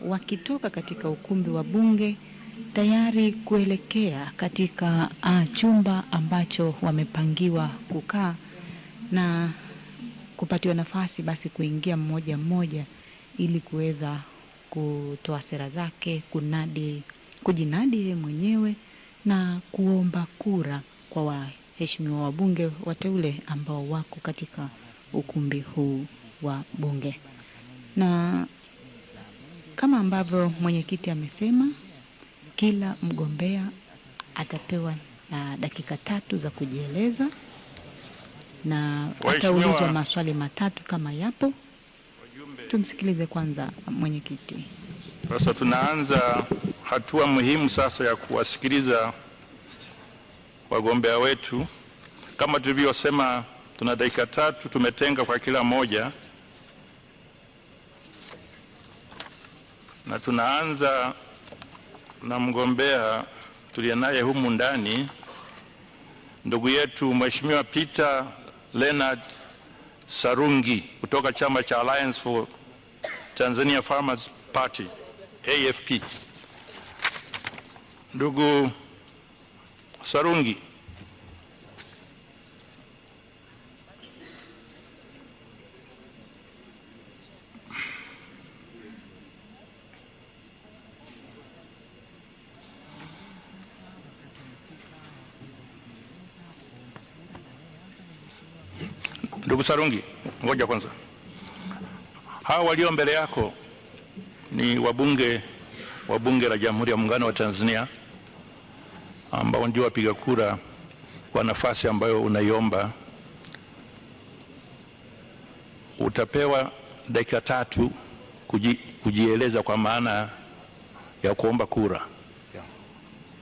wakitoka katika ukumbi wa bunge tayari kuelekea katika a, ah, chumba ambacho wamepangiwa kukaa na kupatiwa nafasi basi kuingia mmoja mmoja ili kuweza kutoa sera zake, kunadi, kujinadi yeye mwenyewe na kuomba kura kwa waheshimiwa wabunge wateule ambao wako katika ukumbi huu wa bunge. Na kama ambavyo mwenyekiti amesema, kila mgombea atapewa na dakika tatu za kujieleza na ataulizwa maswali matatu kama yapo. Tumsikilize kwanza mwenyekiti. Sasa tunaanza hatua muhimu sasa ya kuwasikiliza wagombea wetu. Kama tulivyosema, tuna dakika tatu tumetenga kwa kila mmoja. na tunaanza na mgombea tuliyenaye humu ndani ndugu yetu Mheshimiwa Peter Leonard Sarungi kutoka chama cha Alliance for Tanzania Farmers Party AFP. Ndugu Sarungi Ndugu Sarungi, ngoja kwanza, hawa walio mbele yako ni wabunge wa Bunge la Jamhuri ya Muungano wa Tanzania ambao ndio wapiga kura kwa nafasi ambayo unaiomba. Utapewa dakika tatu kuji, kujieleza kwa maana ya kuomba kura.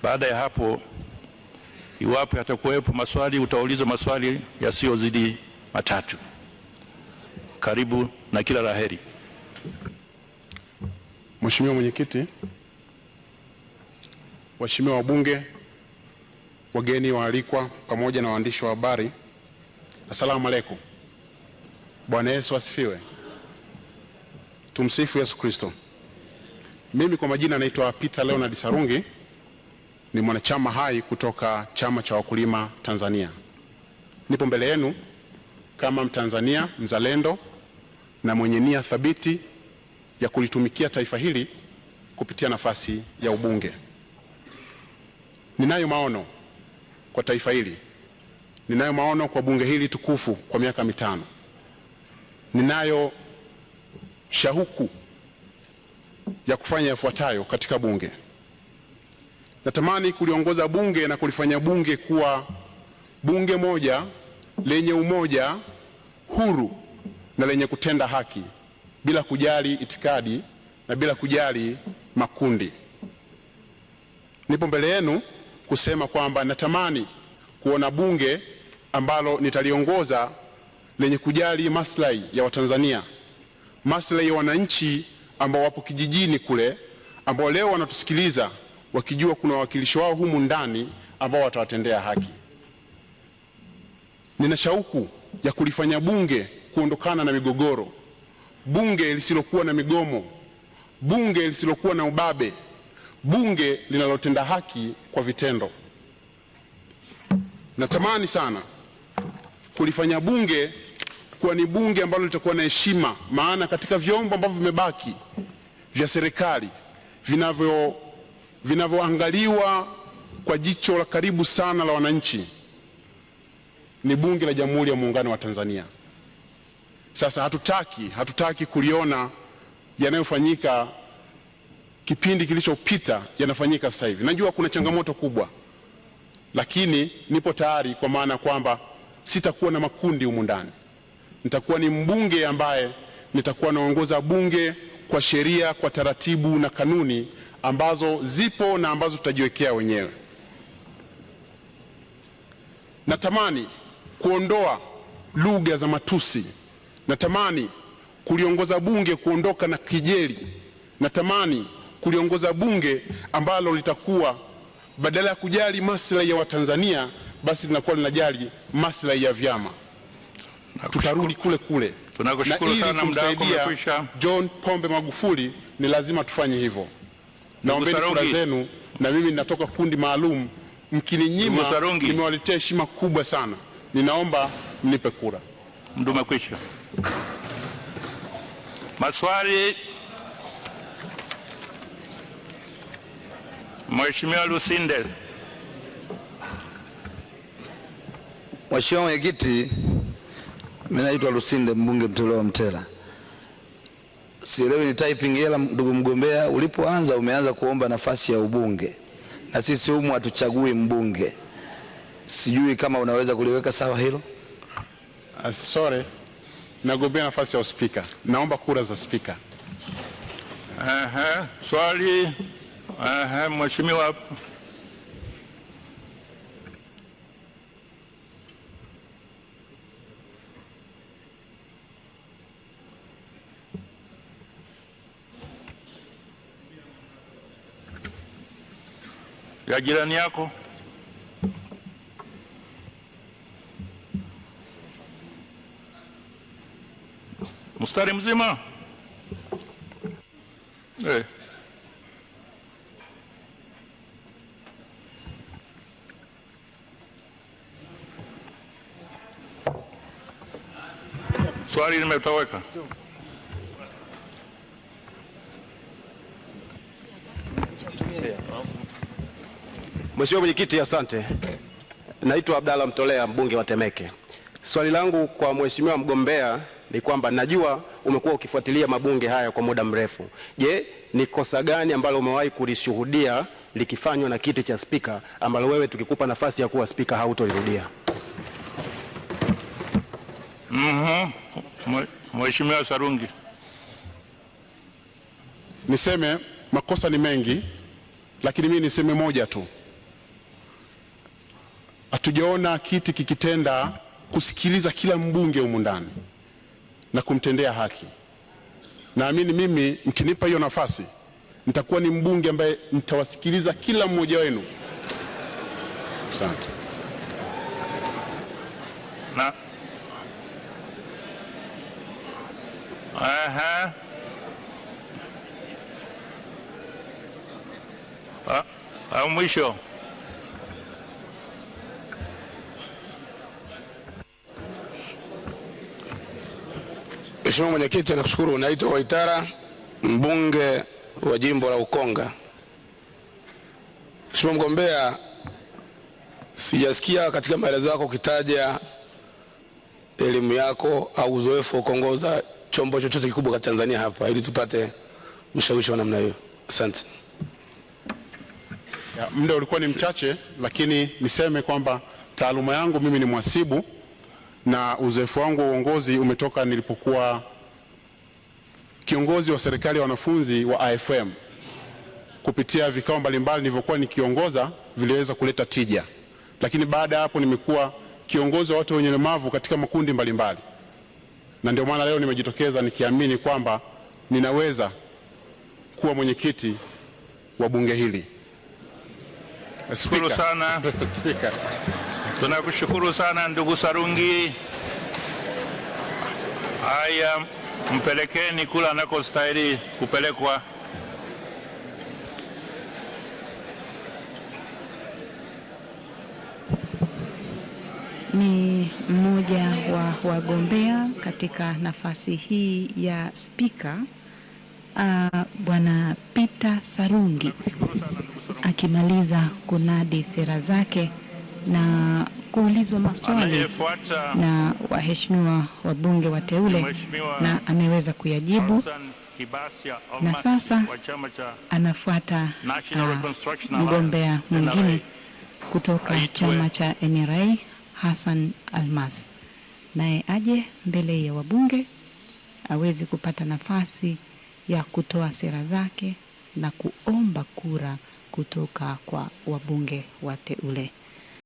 Baada ya hapo, iwapo yatakuwepo maswali, utauliza maswali yasiyozidi matatu. Karibu na kila laheri Mheshimiwa Mwenyekiti, waheshimiwa wabunge, wageni waalikwa, pamoja na waandishi wa habari, assalamu alaikum. Bwana Yesu asifiwe. Tumsifu Yesu Kristo. Mimi kwa majina naitwa Peter Leonard Sarungi, ni mwanachama hai kutoka Chama cha Wakulima Tanzania. Nipo mbele yenu kama Mtanzania mzalendo na mwenye nia thabiti ya kulitumikia taifa hili kupitia nafasi ya ubunge. Ninayo maono kwa taifa hili, ninayo maono kwa bunge hili tukufu kwa miaka mitano, ninayo shauku ya kufanya yafuatayo katika bunge. Natamani kuliongoza bunge na kulifanya bunge kuwa bunge moja lenye umoja huru na lenye kutenda haki bila kujali itikadi na bila kujali makundi. Nipo mbele yenu kusema kwamba natamani kuona bunge ambalo nitaliongoza lenye kujali maslahi ya Watanzania, maslahi ya wananchi ambao wapo kijijini kule, ambao leo wanatusikiliza wakijua kuna wawakilishi wao humu ndani ambao watawatendea haki. Nina shauku ya kulifanya bunge kuondokana na migogoro, bunge lisilokuwa na migomo, bunge lisilokuwa na ubabe, bunge linalotenda haki kwa vitendo. Natamani sana kulifanya bunge kuwa ni bunge ambalo litakuwa na heshima, maana katika vyombo ambavyo vimebaki vya serikali vinavyo vinavyoangaliwa kwa jicho la karibu sana la wananchi ni bunge la Jamhuri ya Muungano wa Tanzania. Sasa hatutaki hatutaki kuliona yanayofanyika kipindi kilichopita yanafanyika sasa hivi. Najua kuna changamoto kubwa, lakini nipo tayari, kwa maana kwamba sitakuwa na makundi humu ndani. Nitakuwa ni mbunge ambaye nitakuwa naongoza bunge kwa sheria, kwa taratibu na kanuni ambazo zipo na ambazo tutajiwekea wenyewe. Natamani kuondoa lugha za matusi. Natamani kuliongoza bunge kuondoka na kijeli. Natamani kuliongoza bunge ambalo litakuwa badala ya kujali maslahi ya Watanzania basi linakuwa linajali maslahi ya vyama. Tutarudi kule kule, muda wako umekwisha. John Pombe Magufuli ni lazima tufanye hivyo. Naombeni kura zenu, na mimi ninatoka kundi maalum. Mkininyima, nimewaletea heshima kubwa sana. Ninaomba mnipe kura. mdumekwisha Maswali. Mheshimiwa Lusinde. Mheshimiwa Mwenyekiti, mimi naitwa Lusinde, mbunge mtolewa Mtera. Sielewi ni typing hela. Ndugu mgombea, ulipoanza umeanza kuomba nafasi ya ubunge, na sisi humu hatuchagui mbunge sijui kama unaweza kuliweka sawa hilo. Uh, sorry, nagombea nafasi ya uspika, naomba kura za spika. Aha, swali. Aha, mheshimiwa ya jirani yako. mstari mzima eh. swali limetoweka Mheshimiwa Mwenyekiti, asante. Naitwa Abdalla Mtolea, mbunge wa Temeke. Swali langu kwa Mheshimiwa mgombea ni kwamba najua umekuwa ukifuatilia mabunge haya kwa muda mrefu. Je, ni kosa gani ambalo umewahi kulishuhudia likifanywa na kiti cha spika ambalo wewe tukikupa nafasi ya kuwa spika hautolirudia? Mm -hmm. Mheshimiwa Sarungi. Niseme makosa ni mengi, lakini mimi niseme moja tu. Hatujaona kiti kikitenda kusikiliza kila mbunge humu ndani na kumtendea haki. Naamini mimi mkinipa hiyo nafasi, nitakuwa ni mbunge ambaye nitawasikiliza kila mmoja wenu. Asante. Na aha mwisho Mheshimiwa Mwenyekiti, nakushukuru. Naitwa Waitara, mbunge wa jimbo la Ukonga. Mheshimiwa mgombea, sijasikia katika maelezo yako ukitaja elimu yako au uzoefu wa kuongoza chombo chochote kikubwa katika Tanzania hapa, ili tupate ushawishi wa namna hiyo. Asante. Muda ulikuwa ni mchache, lakini niseme kwamba taaluma yangu mimi ni mhasibu na uzoefu wangu wa uongozi umetoka nilipokuwa kiongozi wa serikali ya wanafunzi wa AFM. Kupitia vikao mbalimbali nilivyokuwa nikiongoza viliweza kuleta tija, lakini baada ya hapo nimekuwa kiongozi wa watu wenye ulemavu katika makundi mbalimbali mbali. Na ndio maana leo nimejitokeza nikiamini kwamba ninaweza kuwa mwenyekiti wa bunge hili. Shukuru sana. Spika. Tunakushukuru sana ndugu Sarungi. Haya, mpelekeni kula anakostahili kupelekwa. Ni mmoja wa wagombea katika nafasi hii ya spika uh, Bwana Peter Sarungi akimaliza kunadi sera zake na kuulizwa maswali na waheshimiwa wabunge wateule, na ameweza kuyajibu na sasa anafuata ah, mgombea mwingine kutoka chama cha NRA Hassan Almas, naye aje mbele ya wabunge aweze kupata nafasi ya kutoa sera zake na kuomba kura kutoka kwa wabunge wateule.